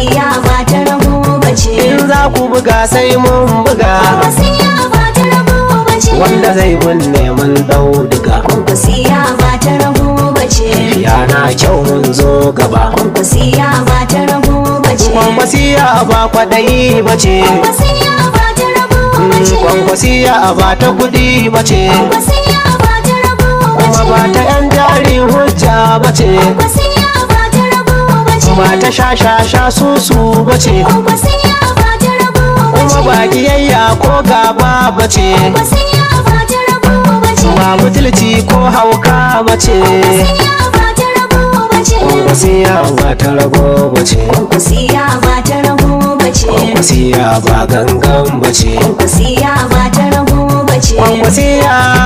iya ba ta rago bace in za ku buga sai mun buga wasiya ba ta rago bace wanda zai binne mun dau duka wasiya ba ta rago bace yana kyau mun zo gaba wasiya hmm, ba ta rago bace wasiya ba kwadai bace wasiya ba ta rago bace wasiya ba ta kudi bace wasiya ba ta rago bace kuma ba ta yan jari hujja bace ba ta sha sha sha su su bace kuma ba giyayya ko gaba bace ba mutilci ko hauka bace Kwankwasiya ba ta rago bace Kwankwasiya ba ba bace ba gangan bace Kwankwasiya ba ta rago bace